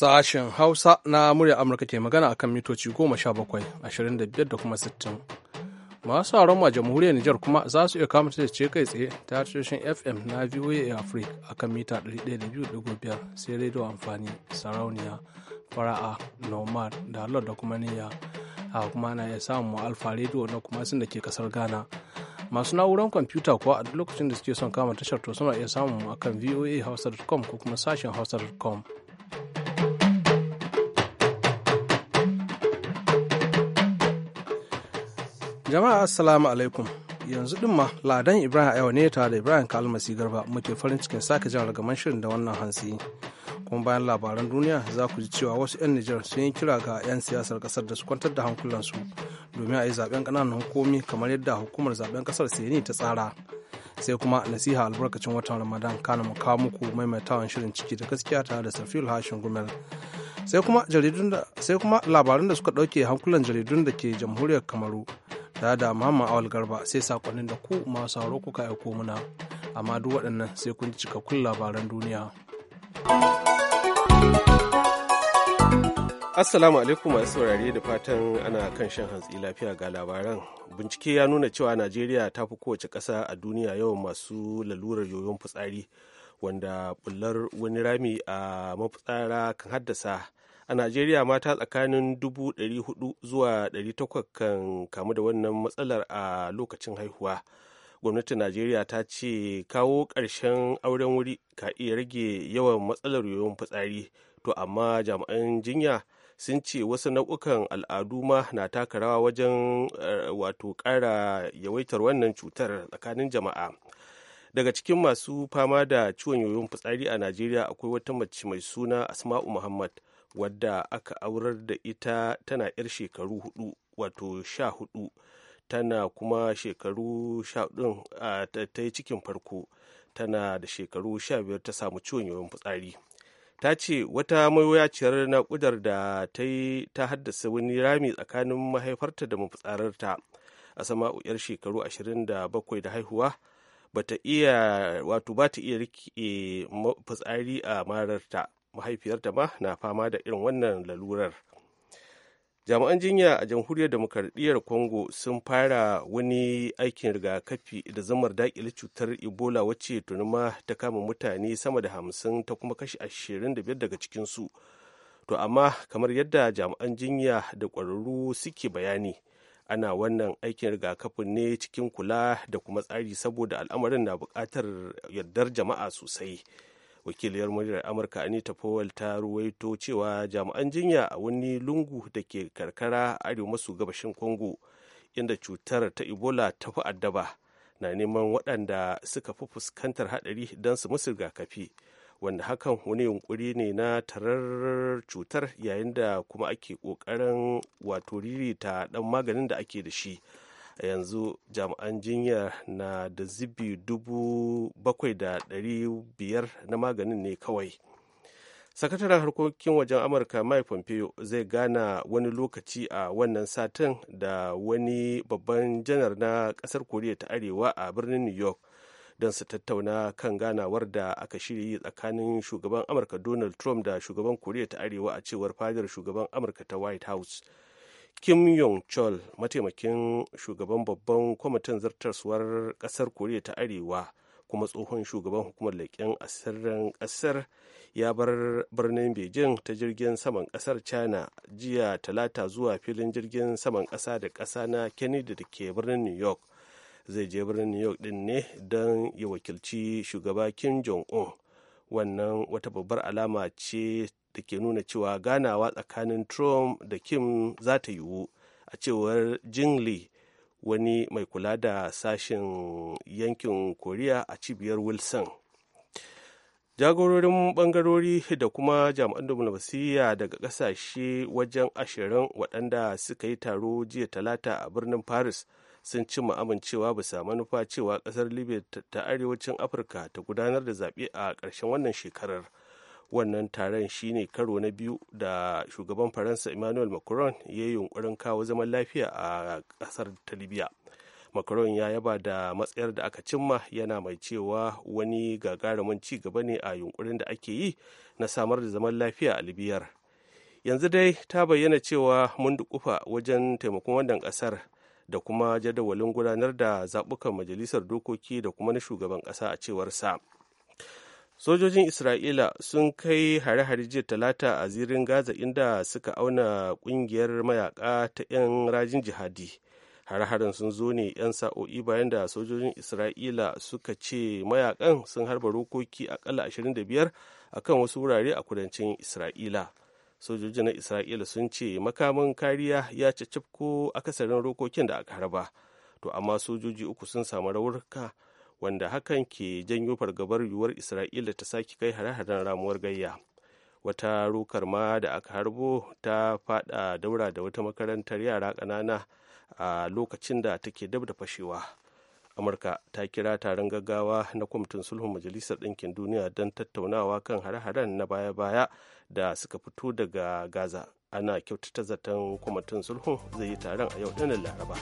Sashen Hausa na murya Amurka ke magana akan mitoci goma sha bakwai, ashirin da biyar da kuma sittin. Masu sauran a jamhuriyar Nijar kuma za su iya kama ta ce kai tsaye ta tashoshin FM na VOA Africa akan mita 102.5 sai rediyo amfani sarauniya fara'a nomad da lord da kuma niyya a kuma na iya samun alfa rediyo na kuma sun da ke kasar Ghana. masu na'urar kwamfuta kuwa a duk lokacin da suke son kama tashar to suna iya samun akan hausa.com ko kuma sashen hausa.com Jama'a assalamu alaikum. Yanzu din ma Ladan Ibrahim Ayawa ne tare da Ibrahim Kalmasi Garba muke farin cikin sake jan ragaman shirin da wannan hansi Kuma bayan labaran duniya za ku ji cewa wasu 'yan Nijar sun yi kira ga 'yan siyasar kasar da su kwantar da hankulansu domin a yi zaben ƙananan hukumi kamar yadda hukumar zaben kasar ni ta tsara. Sai kuma nasiha albarkacin watan Ramadan kana mu kawo muku maimaitawan shirin ciki da gaskiya tare da Safiul Hashim Gumel. Sai kuma labaran da suka ɗauke hankulan jaridun da ke jamhuriyar Kamaru. tare da Awal Garba sai sakonnin da ku masu sauro kuka aiko muna amma duk waɗannan sai kun ji cikakkun labaran duniya. Assalamu alaikum masu saurare da fatan ana kan shan hantsi lafiya ga labaran. Bincike ya nuna cewa Najeriya ta fi kowace ƙasa a duniya yawan masu lalurar yoyon fitsari wanda bullar wani rami a mafitsara kan haddasa a najeriya mata tsakanin 400 zuwa 800 kan kamu da wannan matsalar a lokacin haihuwa gwamnatin najeriya ta ce kawo ƙarshen auren wuri ka iya rage yawan matsalar yoyon fitsari to amma jami'an jinya sun ce wasu nau'ukan al'adu ma na taka rawa wajen eh, wato ƙara yawaitar wannan cutar tsakanin jama'a daga cikin masu fama da ciwon yoyon fitsari a najeriya akwai wata mace mai suna asma'u muhammad wadda aka aurar da ita tana 'yar shekaru hudu wato sha hudu tana kuma shekaru sha hudun ta yi cikin farko tana da shekaru sha biyar ta samu ciwon yawan fitsari ta ce wata mawuyaciyar naƙudar da ta yi ta haddasa wani rami tsakanin mahaifarta da mafitsararta a sama 'yar shekaru ashirin da bakwai da haihuwa bata iya wato ba iya rike eh, fitsari a mararta mahaifiyarta ma na fama da irin wannan lalurar jami'an jinya a jamhuriyar demokradiyyar congo sun fara wani aikin rigakafi da zamar dakile cutar ebola wacce tunuma ta kama mutane sama da hamsin ta kuma kashe ashirin da biyar daga cikinsu to amma kamar yadda jami'an jinya da ƙwararru suke bayani ana wannan aikin rigakafin ne cikin kula da kuma tsari saboda al'amarin na buƙatar yardar jama'a sosai wakiliyar muryar amurka anita powell ta ruwaito cewa jami'an jinya a wani lungu da ke karkara arewa maso gabashin congo inda cutar ta ebola ta fi addaba na neman waɗanda suka fi fuskantar haɗari don su musu rigakafi wanda hakan wani yunkuri ne na tarar cutar yayin da kuma ake ƙoƙarin wato ta ɗan maganin da ake da shi a yanzu jami'an jinya na da zibi dubu bakwai da ɗari biyar na maganin ne kawai sakataren harkokin wajen amurka mike pompeo zai gana wani lokaci a wannan satin da wani babban janar na ƙasar koriya ta arewa a birnin new york don su tattauna kan ganawar da aka shirya yi tsakanin shugaban amurka donald trump da shugaban koriya ta arewa a cewar fadar shugaban amurka ta white house kim yong chol mataimakin shugaban babban kwamitin zartarsuwar kasar koriya ta arewa kuma tsohon shugaban hukumar leƙen asirin ƙasar ya bar birnin beijing ta jirgin saman ƙasar china jiya talata zuwa filin jirgin saman ƙasa da ƙasa na kennedy da ke birnin new york zai je birnin new york din ne don ya wakilci shugaba kim jong-un wannan wata babbar alama ce da ke nuna cewa ganawa tsakanin trump da kim za ta yiwu a cewar jingli wani mai kula da sashen yankin koriya a cibiyar wilson jagororin bangarori da kuma jami'an diflomasiyya daga kasashe wajen ashirin waɗanda suka yi taro jiya talata a birnin paris sun cimma amincewa bisa manufa cewa ƙasar libya ta arewacin afirka ta gudanar da zaɓe a ƙarshen wannan shekarar wannan taron shine karo na biyu da shugaban faransa emmanuel macron ya yi yunkurin kawo zaman lafiya a kasar ta libya macron ya yaba da matsayar da aka cimma yana mai cewa wani gagarumin ci gaba ne a yunkurin da ake yi na samar da zaman lafiya a libyar yanzu dai ta bayyana cewa mun dukufa wajen taimakon wannan kasar da kuma jadawalin gudanar da zaɓukan majalisar dokoki da kuma na shugaban ƙasa a cewar sa. sojojin isra'ila sun kai hare-hare jiya talata a zirin gaza inda suka auna kungiyar mayaka ta 'yan rajin jihadi hare-haren sun zo ne 'yan sa'o'i bayan da sojojin isra'ila suka ce mayakan sun harba rokoki akalla 25 a kan wasu wurare a kudancin isra'ila sojojin na isra'ila sun ce makamin kariya ya cicifko akasarin rokokin da aka harba to amma sojoji uku sun samu raurka wanda hakan ke janyo fargabar yiwuwar isra'ila ta sake kai hare-haren ramuwar gayya wata rokar ma da aka harbo ta fada daura da wata makarantar yara kanana a lokacin da take dab da fashewa amurka ta kira taron gaggawa na kwamitin sulhun majalisar ɗinkin duniya don tattaunawa kan hare-haren na baya-baya da suka fito daga gaza ana kyautata zaton kwamitin sulhun zai yi taron a yau ɗanin laraba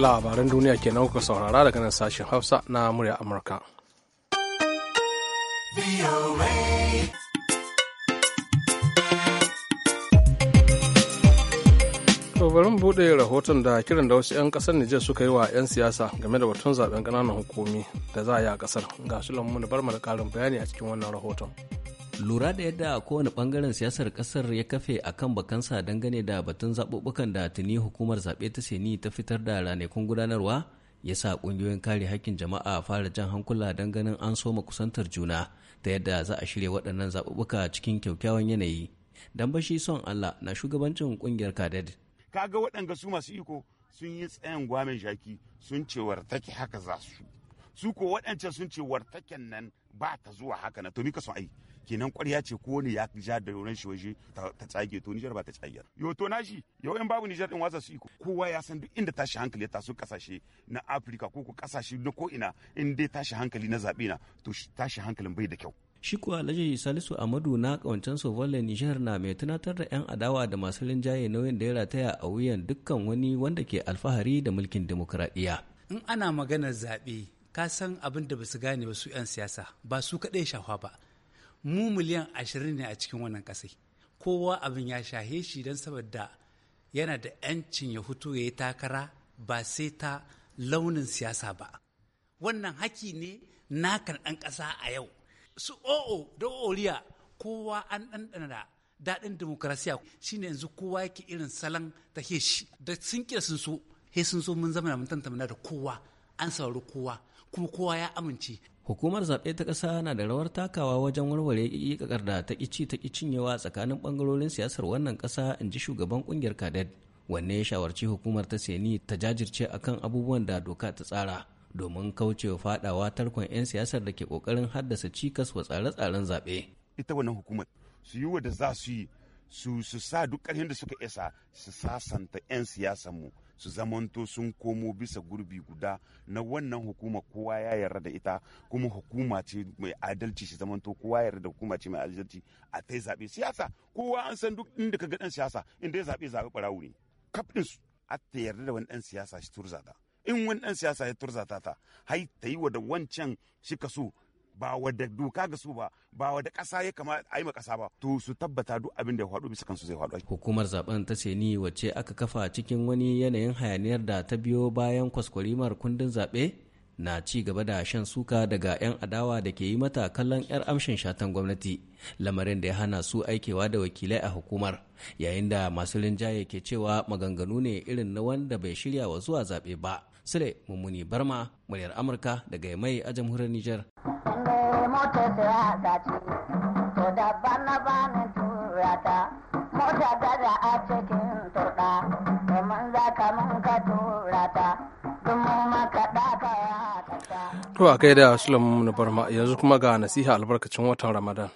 labaran duniya kenan kuka saurara daga nan sashen hausa na murya amurka bari buɗe rahoton da kiran da wasu 'yan ƙasar Nijar suka yi wa 'yan siyasa game da batun zaben ƙananan hukumi da za a yi a ƙasar ga su lamu da bar da ƙarin bayani a cikin wannan rahoton. lura da yadda kowane bangaren siyasar kasar ya kafe a kan bakansa dangane da batun zaɓuɓɓukan da tuni hukumar zaɓe ta seni ta fitar da ranakun gudanarwa ya sa ƙungiyoyin kare haƙƙin jama'a fara jan hankula don ganin an soma kusantar juna ta yadda za a shirya waɗannan zaɓuɓɓuka cikin kyaukyawan yanayi dan bashi son allah na shugabancin ƙungiyar kadad kaga waɗanga su masu iko sun yi tsayin gwamin shaki sun ce wartake haka za su su ko waɗancan sun ce wartaken nan ba ta zuwa haka na to mika son ai kenan kwarya ce ko ne ya ja da yoran shi waje ta tsage to Nijar ba ta tsage yo to nashi yau in babu Nijar din wasa su iko kowa ya san duk inda tashi hankali ya taso kasashe na Afirka ko ko kasashe na ko ina in dai tashi hankali na zabe na to tashi hankalin bai da kyau shi kuwa alhaji salisu amadu na kawancen sovalle nijar na mai tunatar da 'yan adawa da masu rinjaye nauyin da ya rataya a wuyan dukkan wani wanda ke alfahari da mulkin demokuraɗiyya in ana maganar zaɓe ka san abin da basu gane ba su 'yan siyasa ba su kaɗai shafa ba mu miliyan ashirin ne a cikin wannan kasai kowa abin ya shahe shi don saboda yana da 'yancin ya hutu ya yi takara ba sai ta launin siyasa ba wannan haki ne nakan ɗan ƙasa a yau su o'o da oriya kowa an ɗanɗana daɗin demokrasiya shine yanzu kowa yake irin salon ta shi da sun kira sun so he sun so mun zama mun tantamna da kowa an saurari kowa kuma kowa ya amince hukumar zaɓe ta ƙasa na da rawar takawa wajen warware ƙiƙakar da ta ƙici ta cinyewa tsakanin ɓangarorin siyasar wannan ƙasa in ji shugaban ƙungiyar kaded wanne ya shawarci hukumar ta seni ta jajirce akan abubuwan da doka ta tsara domin kaucewa faɗawa tarkon 'yan siyasar da ke ƙoƙarin haddasa cikas wa tsare-tsaren zaɓe. ita wannan hukumar su yi wa da za su yi su sa duk ƙarfin da suka isa su sasanta 'yan siyasar mu su zamanto sun komo bisa gurbi guda na wannan hukuma kowa ya yarda da ita kuma hukuma ce mai adalci shi zamanto kowa ya yarda da hukuma ce mai adalci a ta zaɓe siyasa kowa an san duk inda ka ga ɗan siyasa inda ya zaɓe zaɓe ɓarawo ne kaf su a ta yarda da wani ɗan siyasa shi turzata in wani ɗan siyasa ya turzata ta hai ta yi wa da wancan shi ka so ba wadda doka ga su ba ba wadda kasa ya kama a yi ma ba to su tabbata duk abin da ya faɗo bisa kansu zai faɗo. hukumar zaben ta ce ni wacce aka kafa cikin wani yanayin hayaniyar da ta biyo bayan kwaskwarimar kundin zaɓe na ci gaba da shan suka daga 'yan adawa da ke yi mata kallon 'yar amshin shatan gwamnati lamarin da ya hana su aikewa da wakilai a hukumar yayin da masu rinjaye ke cewa maganganu ne irin na wanda bai shirya wa zuwa zaɓe ba Sule Mummuni Barma, muryar Amurka daga mai a jamhuriyar Nijar. Mota daga a cikin turɗa, domin za ka mun ka tura ta, domin maka ɗaka ya To a gaida Sulaiman Barma yanzu kuma ga nasiha albarkacin watan Ramadan.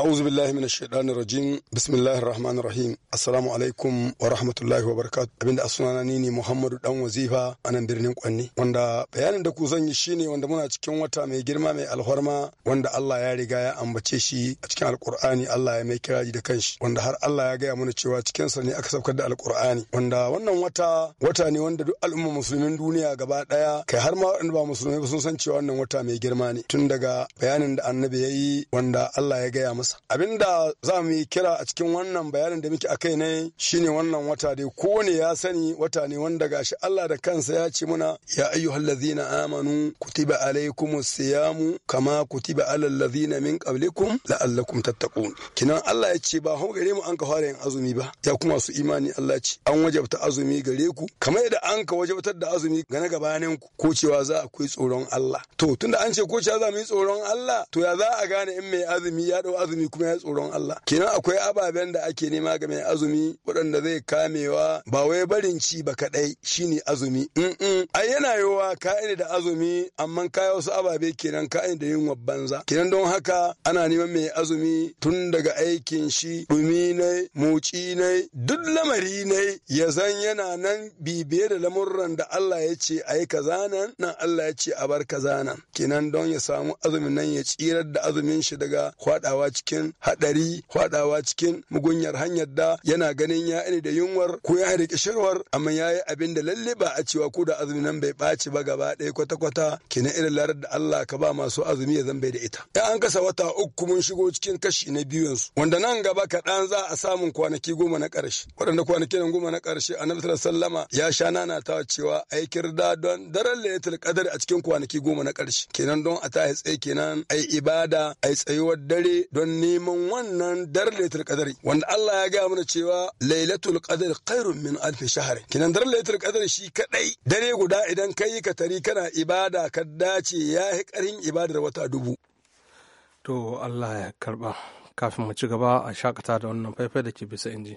a'udhu billahi minash shaitanir rajim bismillahir rahmanir rahim assalamu alaikum wa rahmatullahi wa barakatu. barakatuh abinda sunana ni ne muhammadu dan wazifa a nan birnin kwanne. wanda bayanin da ku zan yi shine wanda muna cikin wata mai girma mai alhorma wanda Allah ya riga ya ambace shi a cikin alkur'ani Allah ya mai kiraji da kanshi wanda har Allah ya gaya mana cewa cikin sa ne aka saukar da alkur'ani wanda wannan wata wata ne wanda duk al'umma musulmin duniya gaba daya kai har ma waɗanda ba musulmai ba su san cewa wannan wata mai girma ne tun daga bayanin da annabi ya wanda Allah ya gaya masa ƙasa da za mu yi kira a cikin wannan bayanin da muke a kai ne shine wannan wata dai kowane ya sani wata ne wanda gashi Allah da kansa ya ce muna ya ayyuhal ladzina amanu kutiba alaikumus siyamu kama kutiba alal ladzina min qablikum la'allakum tattaqun kinan Allah ya ce ba hau gare mu an ka fara yin azumi ba ya kuma su imani Allah ce an wajabta azumi gare ku kamar yadda an ka wajabtar da azumi ga na gabanin ku ko cewa za a koyi tsoron Allah to tunda an ce ko cewa za mu yi tsoron Allah to ya za a gane in mai azumi ya dau azumi azumi kuma ya tsoron Allah kenan akwai ababen da ake nema ga mai azumi waɗanda zai kamewa ba wai barin ci ba kaɗai shine azumi in ai yana yowa ka da azumi amma ka wasu ababe kenan ka da yin banza kenan don haka ana neman mai azumi tun daga aikin shi dumi ne moci ne duk lamari ne ya zan yana nan bibiye da lamurran da Allah ya ce a kaza nan nan Allah ya ce a bar kaza nan kenan don ya samu azumin nan ya tsirar da azumin shi daga kwaɗawa cikin cikin haɗari faɗawa cikin mugunyar hanyar da yana ganin ya ini da yunwar ko ya da shirwar amma ya yi abin da lalle ba a cewa ko da azumi nan bai ɓaci ba gaba ɗaya kwata-kwata kina irin larar da Allah ka ba masu azumi ya zambe da ita. Ya an kasa wata uku mun shigo cikin kashi na biyunsu wanda nan gaba kaɗan za a samu kwanaki goma na ƙarshe waɗanda kwanaki nan goma na ƙarshe annabi sallama ya sha nana ta cewa aikir da don daren lailatul qadar a cikin kwanaki goma na ƙarshe kenan don a ta tsaye kenan ai ibada ai tsayuwar dare don neman wannan dar lailatul kadari, wanda Allah ya gaya mana cewa lailatul qadari khairun min alf shahr kinan dar lailatul shi kadai dare guda idan kai ka tari kana ibada ka dace yahi karin ibadar wata dubu to Allah ya karba kafin mu ci gaba a shakata da wannan faifai da ke bisa inji.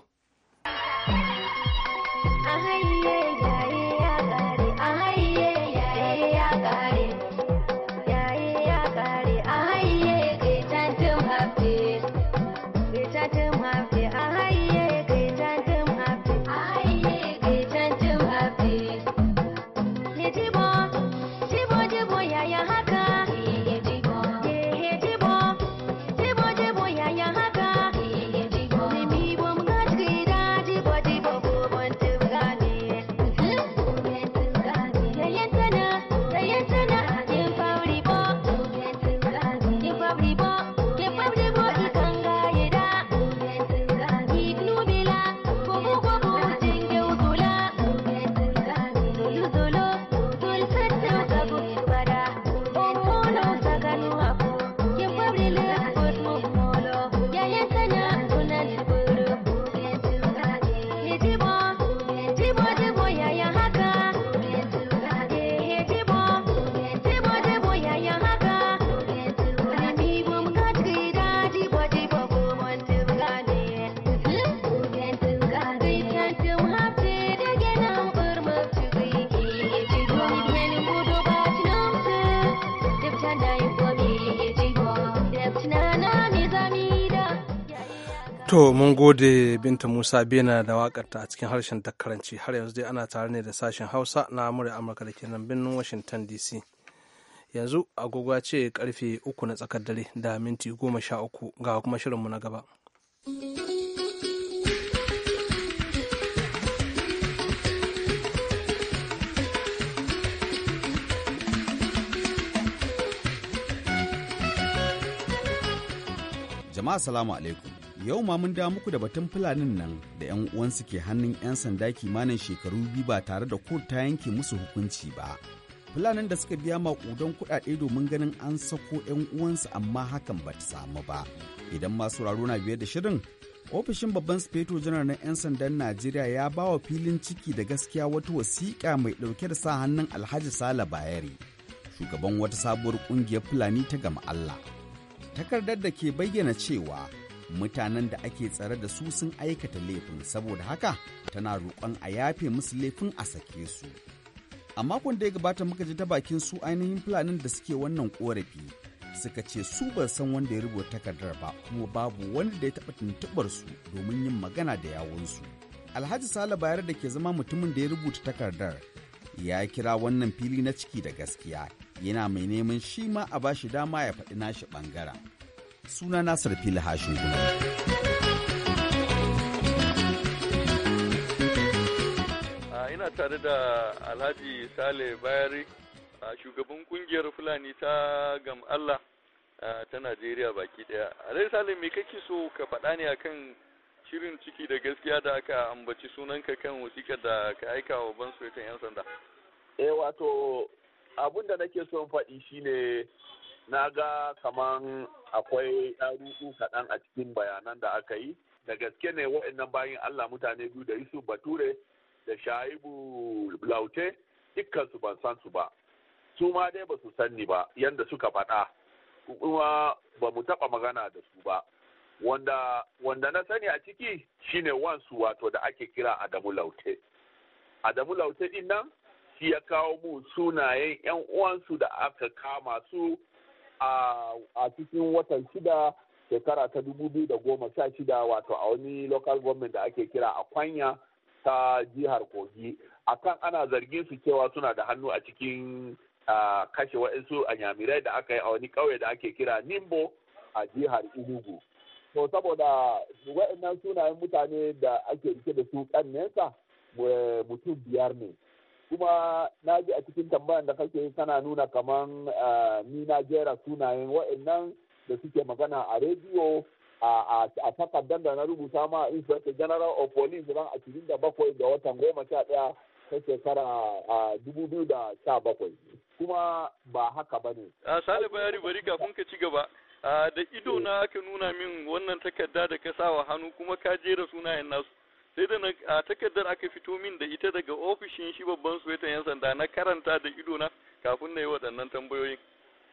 To mun gode Binta Musa Bena da wakarta a cikin harshen takaranci har yanzu dai ana tare ne da sashen Hausa na Amurka Amurka da ke nan birnin Washington DC. Yanzu agogwa ce karfe uku na tsakar dare da minti goma sha uku ga kuma shirinmu na gaba. Jama'a salamu alaikum. yau ma mun da muku da batun fulanin nan da 'yan uwansu ke hannun 'yan sanda kimanin shekaru biyu ba tare da kur ta yanke musu hukunci ba. Fulanin da suka biya maƙudan kuɗaɗe domin ganin an sako 'yan uwansu amma hakan ba ta samu ba. Idan masu raro na biye da shirin, ofishin babban sufeto janar na 'yan sandan Najeriya ya ba wa filin ciki da gaskiya wata wasiƙa mai ɗauke da sa hannun Alhaji Sala Bayeri, shugaban wata sabuwar ƙungiyar Fulani ta gama Allah. Takardar da ke bayyana cewa mutanen da ake tsare da su sun aikata laifin saboda haka tana roƙon a yafe musu laifin a sake su a makon da ya gabata muka ji ta bakin su ainihin fulanin da suke wannan korafi suka ce su ba san wanda ya rubuta takardar ba kuma babu wanda ya taɓa tuntuɓar su domin yin magana da yawunsu alhaji sale bayar da ke zama mutumin da ya rubuta takardar ya kira wannan fili na ciki da gaskiya yana mai neman shi ma a bashi dama ya faɗi nashi ɓangaren suna Nasir Fili Hashin Gunan. Ina tare da Alhaji Sale Bayari, shugaban kungiyar Fulani ta Gam Allah ta Najeriya baki daya. Alhaji Sale me kake so ka faɗa ne akan shirin ciki da gaskiya da aka ambaci sunanka kan wasiƙar da ka aika wa ban 'yan sanda? Eh wato abin da nake son faɗi shine na ga kaman akwai ɗaruɗu kaɗan a cikin bayanan da aka yi da gaske ne waɗannan bayan Allah mutane biyu da Yusuf Bature da Shaibu Laute dukkansu ban san su ba su ma dai ba su sanni ba yanda suka faɗa kuma ba mu taɓa magana da su ba wanda wanda na sani a ciki shine wansu wato da ake kira Adamu Laute Adamu Laute din nan shi ya kawo mu sunayen 'yan uwansu da aka kama su a cikin watan shida shekara ta dubu biyu da goma sha shida wato a wani local government da ake kira a kwanya ta jihar kogi akan ana zargin su cewa suna da hannu a cikin kashe wa'insu a nyamirai da aka yi a wani ƙauye da ake kira nimbo a jihar inugu to saboda waɗannan sunayen mutane da ake rike da su kan nesa, mutum biyar ne kuma na ji a cikin tambayar da kake kana nuna kaman ni na jera sunayen wa'annan da suke magana a rediyo a takardar da na rubuta ma inspector general of police ran ashirin da bakwai ga watan goma sha daya ta shekara dubu biyu da sha bakwai kuma ba haka ba ne. sale bayani bari kafin ka ci gaba da ido na eh. aka nuna min wannan takarda da ka sa wa hannu kuma ka jera sunayen nasu. sai da a takardar aka fito min da ita daga ofishin shi babban suwetan yan sanda na karanta da ido na kafin na yi waɗannan tambayoyin.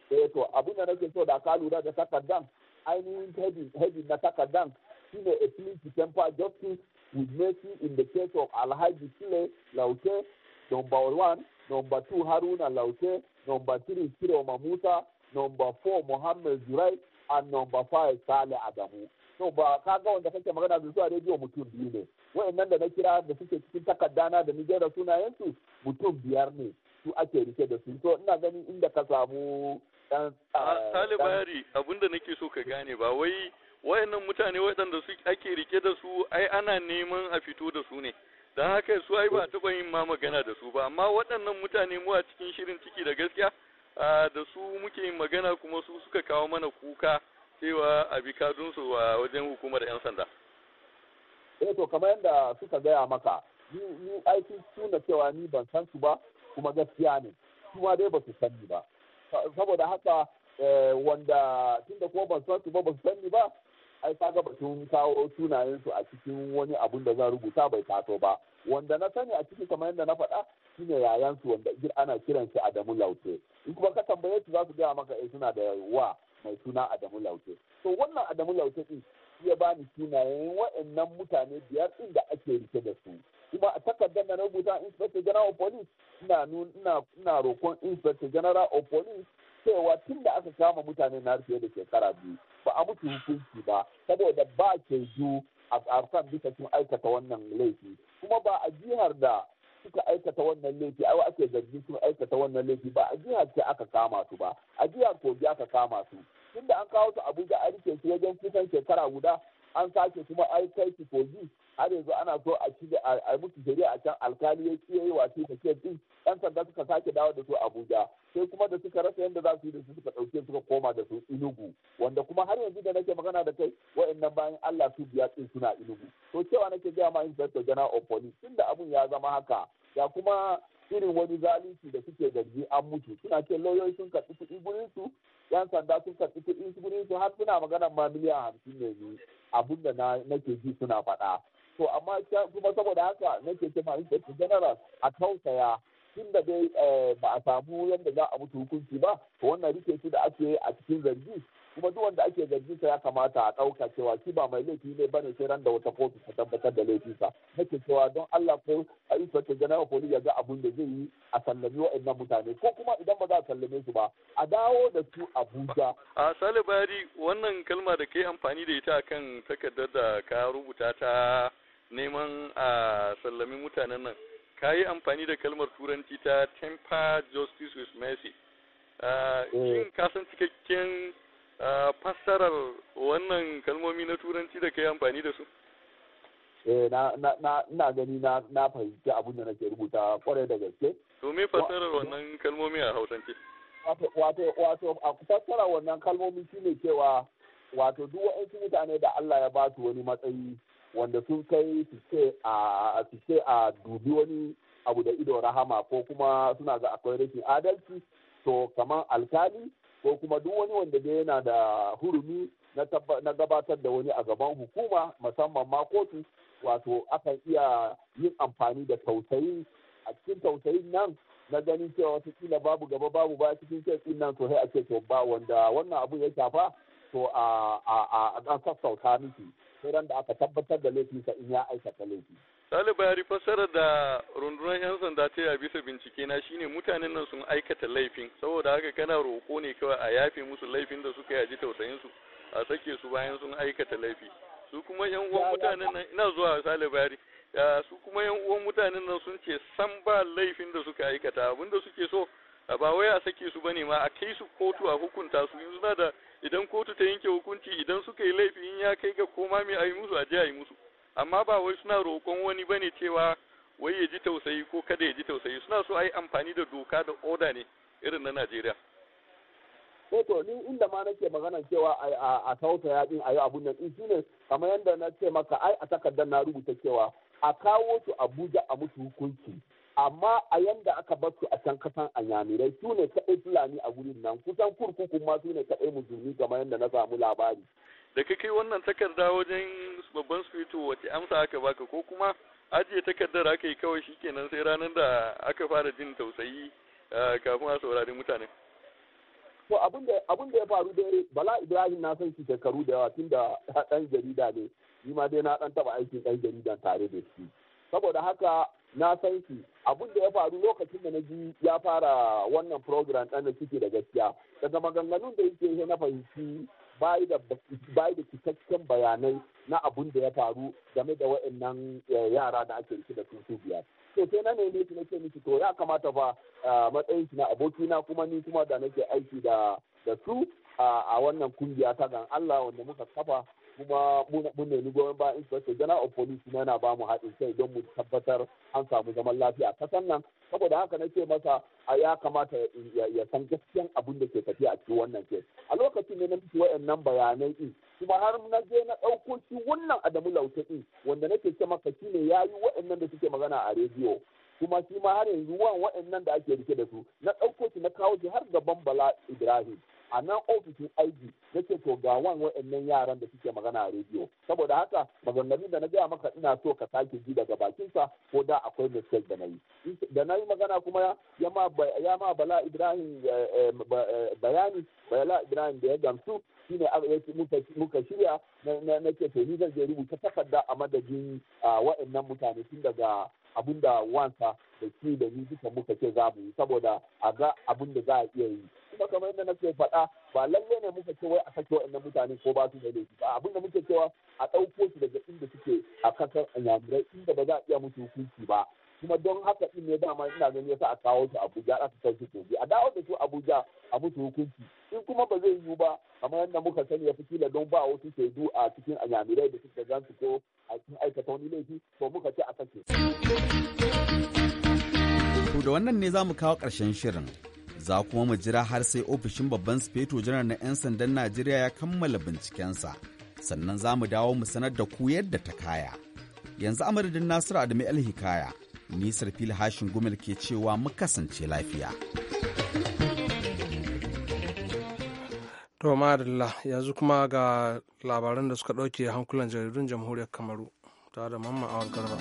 Eh to abin da nake so da ka lura da takardan ainihin hedin na takardan shine a plea to temper justice with mercy in the case of Alhaji Sile Lauke number one, number two Haruna Lauke, number three Kiroma Musa, number four Mohammed Zurai and number five Sale Adamu. to ba ka ga wanda kake magana da zuwa rediyo mutum biyu ne nan da na kira da suke cikin takaddana da ni suna sunayensu mutum biyar ne su ake rike da su to ina ganin inda ka samu dan talibari eh, abinda nake so ka gane ba wai wayannan mutane waɗanda su ake rike da su ai ana neman a fito da su ne dan haka su ai ba taɓa yin ma magana da su ba amma waɗannan mutane mu a cikin shirin ciki da gaskiya ah, da su muke yin magana kuma su suka kawo mana kuka cewa a bi kadunsu a wajen hukumar 'yan sanda. Eh to kamar yadda suka gaya maka ni aiki suna cewa ni ban san su ba kuma gaskiya ne kuma dai ba su san ni ba saboda haka eh, wanda da kuma ban san su ba ba su san ni ba ai kaga batun kawo sunayen su a cikin wani abun da zan rubuta bai taso ba wanda na sani a cikin kamar yadda na faɗa shine yayan su wanda ana kiran shi Adamu Laute in kuma ka tambaye su za su gaya maka eh suna da wa mai suna Adamu Laute. To wannan Adamu Laute din ya bani sunayen wa'annan mutane biyar ɗin da ake rike da su. Kuma a takardar na rubuta Inspector General of Police ina ina ina roƙon Inspector General of Police cewa tun da aka kama mutane na rufe da shekara biyu ba a mutu hukunci ba saboda ba ke ju a tsarkan bisa sun aikata wannan laifi kuma ba a jihar da suka aikata wannan laifi ai ake zargi sun aikata wannan laifi ba a jihar ce aka kama su ba a jihar kogi aka kama su tunda an kawo su abuja an rike su wajen kusan shekara guda an sake kuma ai kai su kogi har yanzu ana so a ci a musu shari'a a can alkali ya yi wato ta ke din yan sanda suka sake dawo da su abuja sai kuma da suka rasa yadda za su yi da su zama haka ya kuma irin wani zalunci da suke zargi an mutu suna ce lauyoyi sun karɓi kuɗi gurin su yan sanda sun karɓi kuɗi gurin su har suna magana ma miliyan hamsin ne ni abin da nake ji suna faɗa to amma kuma saboda haka nake ce ma inspector general a tausaya tun da dai eh, ba a samu yadda za a mutu hukunci ba to wannan rike shi da ake a cikin zargi kuma duk wanda ake zargin sa ya kamata a ɗauka cewa shi ba mai laifi ne bane sai ran da wata kotu ta tabbatar da laifinsa nake cewa don Allah ko a yi sace jana'a ko ya ga abun da zai yi a sallami wa'annan mutane ko kuma idan ba za a sallame su ba a dawo da su Abuja. A Bari, wannan kalma da yi amfani da ita akan takardar da ka rubuta ta neman a sallami mutanen nan ka yi amfani da kalmar turanci ta temper justice with mercy. Eh. Shin ka cikakken fassarar wannan kalmomi na turanci da ka yi amfani da su? Eh, na gani na fahimci abin da nake rubuta kwarai da gaske domin me wannan kalmomi a Hausance wato wato a fassara wannan kalmomi shine cewa wato duk waɗansu mutane da Allah ya ba su wani matsayi wanda sun kai su a su ce a dubi wani abu da ido rahama ko kuma suna ga akwai rashin adalci to kamar alkali ko kuma duk wani wanda dai yana da hurumi na gabatar da wani a gaban hukuma musamman ma kotu wato akan iya yin amfani da tausayi a cikin tausayin nan na ganin cewa watakila babu gaba babu ba cikin sai nan to sai a ce to ba wanda wannan abu ya shafa to a dan sassauta miki sai da aka tabbatar da laifinsa in ya aikata laifi. ɗalibai ya fassara da rundunar 'yan sanda ta ya bisa bincike na shine mutanen nan sun aikata laifin saboda haka kana roƙo ne kawai a yafe musu laifin da suka yaji tausayin su a sake su bayan sun aikata laifi. su kuma yan uwan mutanen nan ina zuwa sale bari su kuma yan uwan mutanen nan sun ce san ba laifin da suka aikata abinda suke so ba wai a sake su bane ma a kai su kotu a hukunta su yanzu na da idan kotu ta yanke hukunci idan suka yi laifi in ya kai ga koma mai ayi musu a je ayi musu amma ba wai suna roƙon wani bane cewa wai ya ji tausayi ko kada ya ji tausayi suna so a yi amfani da doka da oda ne irin na Najeriya. ko eh, to ni inda ma nake magana cewa a tauta ya din ayi abun nan shi ne kamar yadda na ce maka ai a takardar na rubuta cewa a kawo su abuja a musu hukunci amma a yanda aka bar su a can kasan anyamirai su ne kaɗai fulani a gurin nan kusan kurkukun ma su ne kaɗai musulmi kamar yadda na samu labari da kake wannan takarda wajen babban sufito wace amsa aka baka ko kuma ajiye takardar aka yi kawai shikenan sai ranar da aka fara jin tausayi eh, kafin a saurari mutane. to abin da ya faru dai bala ibrahim na san shi shekaru da yawa tun da ɗan jarida ne ni ma dai na ɗan taba aikin ɗan jaridan tare da shi saboda haka na san shi abin da ya faru lokacin da na ji ya fara wannan program ɗan da suke da gaskiya daga maganganun da yake na fahimci bayi da cikakken bayanai na abin da ya faru game da waɗannan eh, yara da ake rike da su biyar to sai na nemi shi nake miki to ya kamata fa matsayin shi na aboki na kuma ni kuma da nake aiki da da su a wannan kungiya ta gan Allah wanda muka kafa kuma mun nemi goyon bayan inspector general of police na yana bamu haɗin kai don mu tabbatar an samu zaman lafiya a kasan nan saboda haka na ce masa a ya kamata ya san gaskiyan abin da ke tafiya a cikin wannan ke a lokacin ne na fi wayannan bayanai din kuma har na je na ɗauko shi wannan Adamu Laute din wanda nake ce maka ya yi waɗannan da suke magana a rediyo kuma shi ma har yanzu wan waɗannan da ake rike da su na ɗauko shi na kawo shi har gaban bala ibrahim a nan ofishin aiki nake to ga wan wa'annan yaran da suke magana a rediyo saboda haka maganganun da na gaya maka ina so ka sake ji daga bakinsa ko da akwai mistake da na yi da na yi magana kuma ya ma bala ibrahim eh, eh, eh, bayani bala ibrahim da ya gamsu shine muka shirya na ke to ni zan je rubuta takarda a madadin wa'annan mutane tun daga abin da wansa da shi da ni duka muka ce za mu yi saboda a ga abin da za a iya yi kuma kamar yadda nake faɗa ba lalle ne muka ce wai a sake wa'annan mutane ko ba su da laifi ba abinda muke cewa a ɗauko su daga inda suke a kasar anyamurai inda ba za a iya musu hukunci ba kuma don haka in ne dama ina ganin yasa a kawo su Abuja a kai su Kogi a dawo da su Abuja a musu hukunci in kuma ba zai yiwu ba kamar yadda muka sani ya fi don ba wasu shaidu a cikin anyamirai da suke gan su ko a cikin aikata wani laifi to muka ce a sake. To da wannan ne za mu kawo ƙarshen shirin za kuma mu jira har sai ofishin babban sufeto janar na 'yan sandan najeriya ya kammala bincikensa sannan za mu dawo mu sanar da ku yadda ta kaya yanzu amadadin nasiru adamu hikaya nisar fil hashin gumel ke cewa mu kasance lafiya to madalla yanzu kuma ga labaran da suka ɗauke hankulan jaridun jamhuriyar kamaru tare da mamman awar garba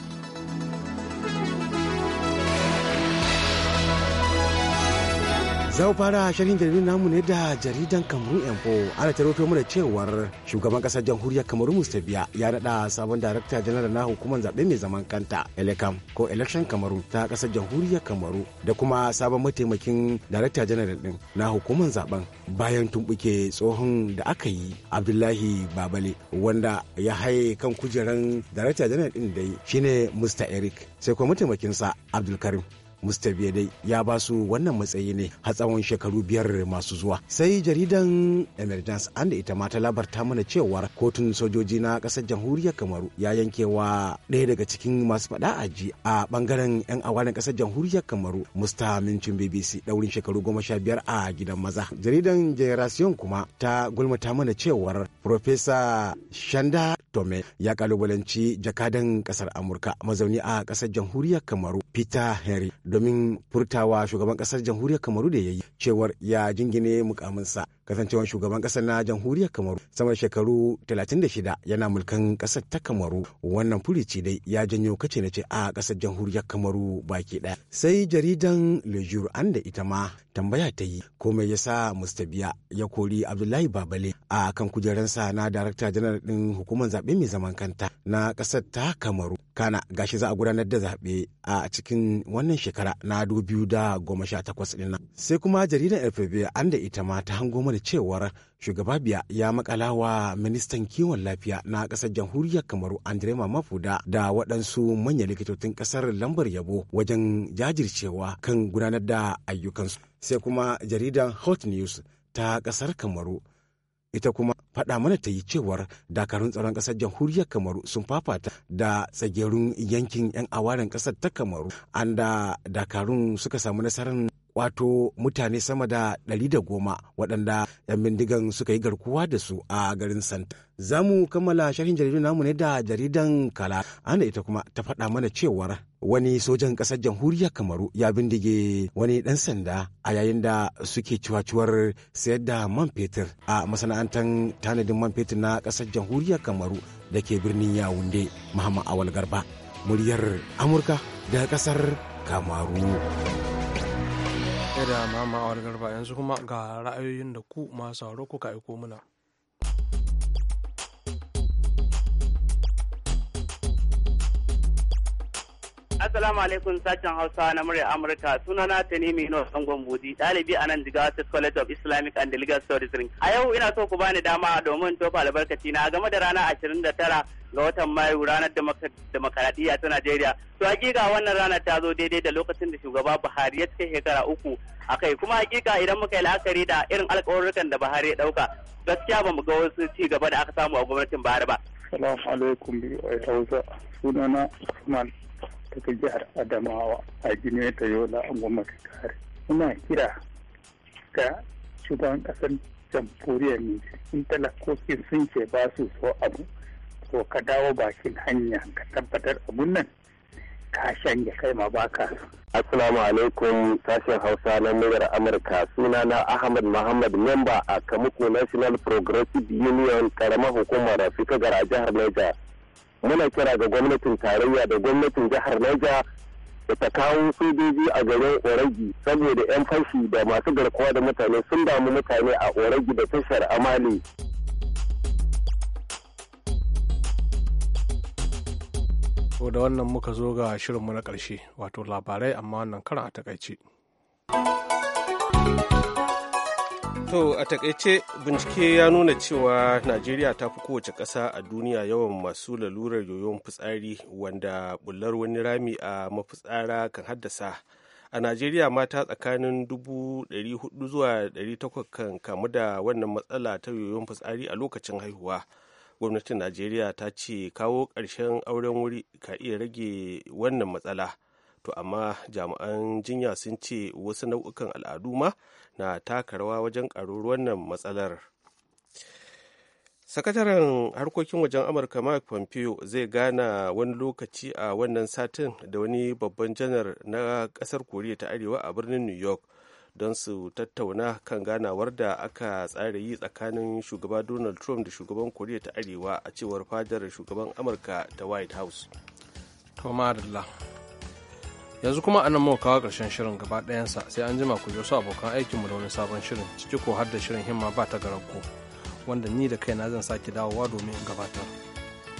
zau fara shirin jaridun namu ne da jaridan kamaru info ana ta mu da cewar shugaban kasar jamhuriyar kamarun mustabiya ya naɗa sabon darakta janar na hukumar zaɓe mai zaman kanta elecam ko election kamaru ta kasar jamhuriyar kamaru da kuma sabon mataimakin darakta janar din na hukumar zaben bayan tumbuke tsohon da aka yi abdullahi babale wanda ya haye kan kujeran darakta janar din dai shine mr eric sai kuma mataimakinsa abdulkarim Mr. Bede ya ba su wannan matsayi ne har tsawon shekaru biyar masu zuwa. Sai jaridan Emergence an da ita ma ta labarta mana cewar kotun sojoji na ƙasar jamhuriyar Kamaru ya yankewa ɗaya daga cikin masu faɗa a ji a ɓangaren 'yan awarin kasar jamhuriyar Kamaru Musta Mincin BBC ɗaurin shekaru goma sha biyar a gidan maza. Jaridan Generation kuma ta gulmata mana cewar Profesa Shanda Tome ya kalubalanci jakadan ƙasar Amurka mazauni a ƙasar jamhuriyar Kamaru Peter Henry domin furtawa shugaban kasar jamhuriyar kamaru da ya yi cewar ya jingine mukaminsa kasancewar shugaban kasar na jamhuriyar kamaru sama da shekaru 36 yana mulkan kasar ta kamaru wannan furici dai ya janyo kace na ce a kasar jamhuriyar kamaru baki ɗaya sai jaridan jour an da ita ma tambaya ta yi komai ya sa mustabiya ya kori abdullahi babale a kan kujeransa na darakta janar ɗin hukumar zaɓe mai zaman kanta na kasar ta kamaru kana gashi za a gudanar da zaɓe a cikin wannan shekara na 2018 ɗin sai kuma jaridan rfb an da ita ma ta hango mana cewar shugaba biya ya makala wa ministan kiwon lafiya na ƙasar jamhuriyar kamaru andre mafuda. da waɗansu manyan likitocin ƙasar lambar yabo wajen jajircewa kan gudanar da ayyukansu sai kuma jaridan hot news ta ƙasar kamaru ita kuma faɗa mana ta yi cewar dakarun tsaron ƙasar jamhuriyar kamaru sun fafata da tsagerun yankin 'yan awaren ƙasar ta kamaru an da dakarun suka samu nasarar Wato mutane sama da ɗari da goma waɗanda 'yan bindigan suka yi garkuwa da su a garin santa za mu kammala sharhin jaridu namu ne da jaridan kala ana ita kuma ta faɗa mana cewar wani sojan ƙasar jamhuriyar kamaru ya bindige wani ɗan sanda a yayin da suke ciwaciwar sayar da man fetur a masana'antar tanadin man fetur na ƙasar jamhuriyar kamaru da ke birnin yawunde muhammad awal garba muryar amurka daga ƙasar kamaru da mama garba yanzu kuma ga ra'ayoyin da ku masu sauro kuka aiko mana Assalamu alaikum sashen Hausa na murya Amurka sunana Tanimi Ino Sangon Budi ɗalibi a nan Jigawa State College of Islamic and Legal Studies Ring. A yau ina so ku bani dama domin tofa albarkaci na game da rana ashirin da tara ga watan Mayu ranar demokaradiyya ta Najeriya. To hakika wannan rana ta zo daidai da lokacin da shugaba Buhari ya cika shekara uku a kai kuma hakika idan muka yi la'akari da irin alƙawarrukan da Buhari ya ɗauka gaskiya ba mu ga wasu ci gaba da aka samu a gwamnatin bahar ba. Salamu alaikum Hausa sunana Usman daga jihar adamawa a jini ta yola an goma ta kare. muna kira ga shugaban kasar jamhuriyar nijar in talakoki sun ce ba su so abu to ka dawo bakin hanya ka tabbatar abun nan ka shanye kai ma baka Assalamu alaikum sashen Hausa na muryar Amurka suna na Ahmad Muhammad memba a Kamuku National Progressive Union karamar hukumar ka gara jihar Niger. muna kira ga gwamnatin tarayya da gwamnatin jihar Niger da ta kawo sojoji a garin Oragi saboda 'yan fashi da masu garkuwa da mutane sun damu mutane a Oragi da tashar Amali. To da wannan muka zo ga shirinmu na ƙarshe wato labarai amma wannan karan a takaice. To a takaice bincike ya nuna cewa Najeriya ta fi kowace ƙasa a duniya yawan masu lalurar yoyon fitsari wanda bullar wani rami a mafitsara kan haddasa. A Najeriya mata tsakanin 400 zuwa 800 kan kamu da wannan matsala ta yoyon fitsari a lokacin haihuwa. Gwamnatin Najeriya ta ce kawo ƙarshen auren wuri ka iya rage wannan matsala. to amma jami'an jinya sun ce wasu nau'ukan al'adu ma na taka rawa wajen ƙaruwar wannan matsalar sakataren harkokin wajen amurka mike pompeo zai gana wani lokaci a wannan satin da wani babban janar na kasar koriya ta arewa a birnin new york don su tattauna kan ganawar da aka tsara yi tsakanin shugaba donald trump da shugaban koriya ta arewa a cewar fadar shugaban amurka ta white house yanzu kuma anan muka kawo ƙarshen shirin gaba sa sai an jima ku ji wasu abokan aikinmu da wani sabon shirin ciki ko har da shirin himma ba ta ku wanda ni da kaina zan sake dawowa domin in gabatar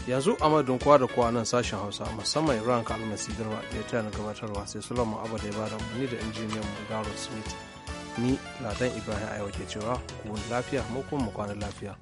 yanzu a madadin kowa da kowa nan sashen hausa musamman iran ka almasi garba da ya taya na gabatarwa sai sulaiman abu da ya bada ni da injiniyan mu garo smith ni ladan ibrahim a yau ke cewa ku lafiya mu kuma mu kwana lafiya